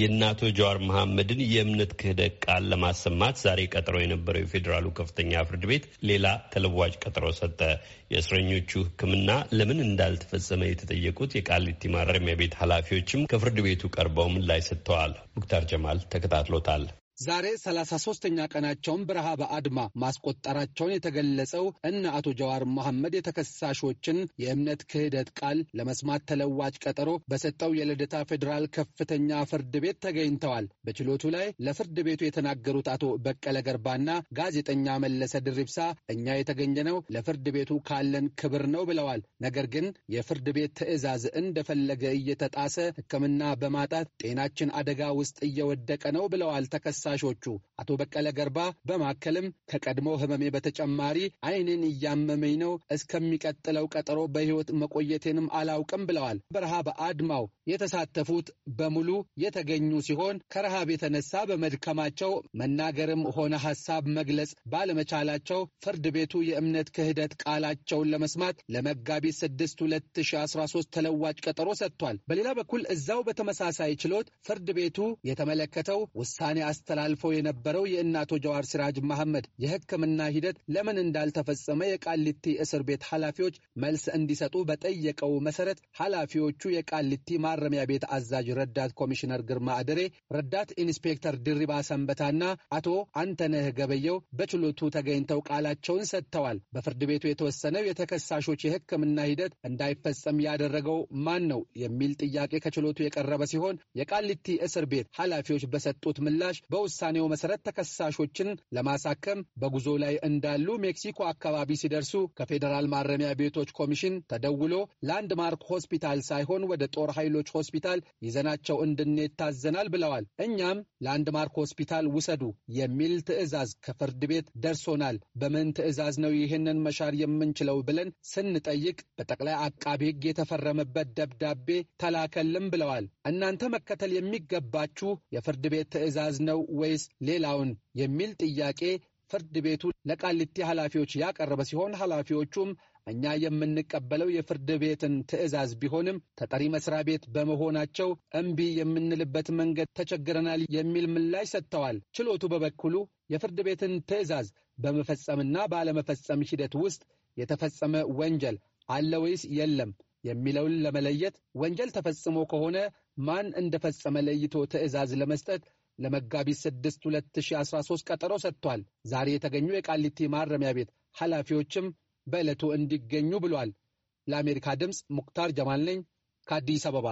የእናቶ ጀዋር መሐመድን የእምነት ክህደት ቃል ለማሰማት ዛሬ ቀጠሮ የነበረው የፌዴራሉ ከፍተኛ ፍርድ ቤት ሌላ ተለዋጭ ቀጠሮ ሰጠ። የእስረኞቹ ሕክምና ለምን እንዳልተፈጸመ የተጠየቁት የቃሊቲ ማረሚያ ቤት ኃላፊዎችም ከፍርድ ቤቱ ቀርበው ምላሽ ሰጥተዋል። ሙክታር ጀማል ተከታትሎታል። ዛሬ ሰላሳ ሶስተኛ ቀናቸውን በረሃ አድማ ማስቆጠራቸውን የተገለጸው እነ አቶ ጀዋር መሐመድ የተከሳሾችን የእምነት ክህደት ቃል ለመስማት ተለዋጭ ቀጠሮ በሰጠው የልደታ ፌዴራል ከፍተኛ ፍርድ ቤት ተገኝተዋል። በችሎቱ ላይ ለፍርድ ቤቱ የተናገሩት አቶ በቀለ ገርባና ጋዜጠኛ መለሰ ድሪብሳ እኛ የተገኘነው ለፍርድ ቤቱ ካለን ክብር ነው ብለዋል። ነገር ግን የፍርድ ቤት ትዕዛዝ እንደፈለገ እየተጣሰ ሕክምና በማጣት ጤናችን አደጋ ውስጥ እየወደቀ ነው ብለዋል። ተከሳ ተከሳሾቹ አቶ በቀለ ገርባ በማከልም ከቀድሞ ህመሜ በተጨማሪ አይኔን እያመመኝ ነው፣ እስከሚቀጥለው ቀጠሮ በህይወት መቆየቴንም አላውቅም ብለዋል። በረሃ በአድማው የተሳተፉት በሙሉ የተገኙ ሲሆን ከረሃብ የተነሳ በመድከማቸው መናገርም ሆነ ሐሳብ መግለጽ ባለመቻላቸው ፍርድ ቤቱ የእምነት ክህደት ቃላቸውን ለመስማት ለመጋቢት 6 2013 ተለዋጭ ቀጠሮ ሰጥቷል። በሌላ በኩል እዛው በተመሳሳይ ችሎት ፍርድ ቤቱ የተመለከተው ውሳኔ አስተላ አልፎ የነበረው የእናቶ ጀዋር ሲራጅ መሐመድ የሕክምና ሂደት ለምን እንዳልተፈጸመ የቃሊቲ እስር ቤት ኃላፊዎች መልስ እንዲሰጡ በጠየቀው መሰረት ኃላፊዎቹ የቃሊቲ ማረሚያ ቤት አዛዥ ረዳት ኮሚሽነር ግርማ አደሬ፣ ረዳት ኢንስፔክተር ድሪባ ሰንበታና አቶ አንተነህ ገበየው በችሎቱ ተገኝተው ቃላቸውን ሰጥተዋል። በፍርድ ቤቱ የተወሰነው የተከሳሾች የሕክምና ሂደት እንዳይፈጸም ያደረገው ማን ነው የሚል ጥያቄ ከችሎቱ የቀረበ ሲሆን የቃሊቲ እስር ቤት ኃላፊዎች በሰጡት ምላሽ በው ውሳኔው መሰረት ተከሳሾችን ለማሳከም በጉዞ ላይ እንዳሉ ሜክሲኮ አካባቢ ሲደርሱ ከፌዴራል ማረሚያ ቤቶች ኮሚሽን ተደውሎ ላንድማርክ ሆስፒታል ሳይሆን ወደ ጦር ኃይሎች ሆስፒታል ይዘናቸው እንድንሄድ ታዘናል ብለዋል። እኛም ላንድማርክ ሆስፒታል ውሰዱ የሚል ትዕዛዝ ከፍርድ ቤት ደርሶናል። በምን ትዕዛዝ ነው ይህንን መሻር የምንችለው ብለን ስንጠይቅ በጠቅላይ አቃቤ ሕግ የተፈረመበት ደብዳቤ ተላከልም ብለዋል። እናንተ መከተል የሚገባችሁ የፍርድ ቤት ትዕዛዝ ነው ወይስ ሌላውን የሚል ጥያቄ ፍርድ ቤቱ ለቃሊቲ ኃላፊዎች ያቀረበ ሲሆን ኃላፊዎቹም እኛ የምንቀበለው የፍርድ ቤትን ትዕዛዝ ቢሆንም ተጠሪ መስሪያ ቤት በመሆናቸው እምቢ የምንልበት መንገድ ተቸግረናል የሚል ምላሽ ሰጥተዋል። ችሎቱ በበኩሉ የፍርድ ቤትን ትዕዛዝ በመፈጸምና ባለመፈጸም ሂደት ውስጥ የተፈጸመ ወንጀል አለ ወይስ የለም የሚለውን ለመለየት ወንጀል ተፈጽሞ ከሆነ ማን እንደፈጸመ ለይቶ ትዕዛዝ ለመስጠት ለመጋቢት 6 2013 ቀጠሮ ሰጥቷል። ዛሬ የተገኙ የቃሊቲ ማረሚያ ቤት ኃላፊዎችም በዕለቱ እንዲገኙ ብሏል። ለአሜሪካ ድምፅ ሙክታር ጀማል ነኝ ከአዲስ አበባ